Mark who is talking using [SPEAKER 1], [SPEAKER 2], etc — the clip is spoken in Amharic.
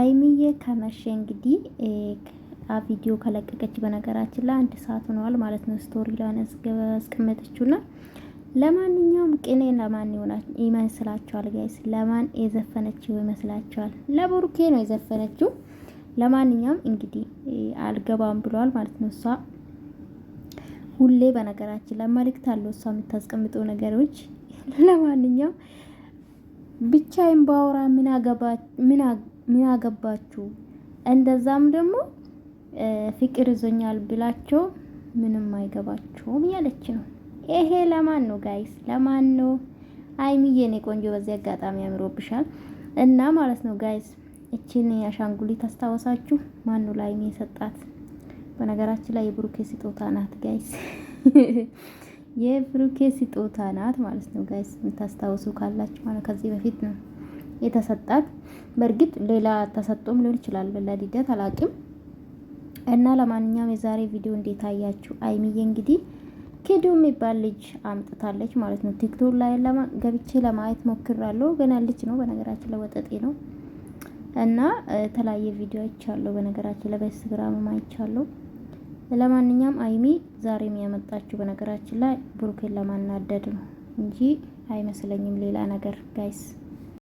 [SPEAKER 1] አይሚዬ ከመሸ እንግዲህ ቪዲዮ ከለቀቀች በነገራችን ላይ አንድ ሰዓት ሆነዋል ማለት ነው። ስቶሪ ላን ያስቀመጠችውና ለማንኛውም ቅኔ ለማን ይመስላችኋል ጋይስ? ለማን የዘፈነችው ይመስላችኋል? ለብሩኬ ነው የዘፈነችው። ለማንኛውም እንግዲህ አልገባም ብሏል ማለት ነው። እሷ ሁሌ በነገራችን ላይ መልእክት አለው እሷ የምታስቀምጠው ነገሮች። ለማንኛውም ብቻዬን ባወራ ምን አገባ ምን ምን አገባችሁ እንደዛም ደግሞ ፍቅር ይዞኛል ብላቸው ምንም አይገባችሁም ያለች ነው። ይሄ ለማን ነው ጋይስ? ለማን ነው? ሀይሚዬ የኔ ቆንጆ በዚህ አጋጣሚ አምሮብሻል እና ማለት ነው ጋይስ እችን አሻንጉሊት ታስታወሳችሁ? ማን ነው ለሀይሚ የሰጣት? በነገራችን ላይ የብሩኬ ስጦታ ናት ጋይስ፣ የብሩኬ ስጦታ ናት ማለት ነው ጋይስ። የምታስታውሱ ካላችሁ ማለት ከዚህ በፊት ነው የተሰጣት። በእርግጥ ሌላ ተሰጥቶም ሊሆን ይችላል ለልደት አላቅም። እና ለማንኛውም የዛሬ ቪዲዮ እንዴት አያችሁ? አይሚዬ እንግዲህ ኪዱ የሚባል ልጅ አምጥታለች ማለት ነው። ቲክቶክ ላይ ገብቼ ለማየት ሞክራለሁ። ገና ልጅ ነው በነገራችን ለወጠጤ ነው እና የተለያየ ቪዲዮ አይቻለሁ። በነገራችን ላይ በኢንስታግራም አይቻለሁ። ለማንኛውም አይሚ ዛሬ የሚያመጣችው በነገራችን ላይ ብሩኬን ለማናደድ ነው እንጂ አይመስለኝም ሌላ ነገር ጋይስ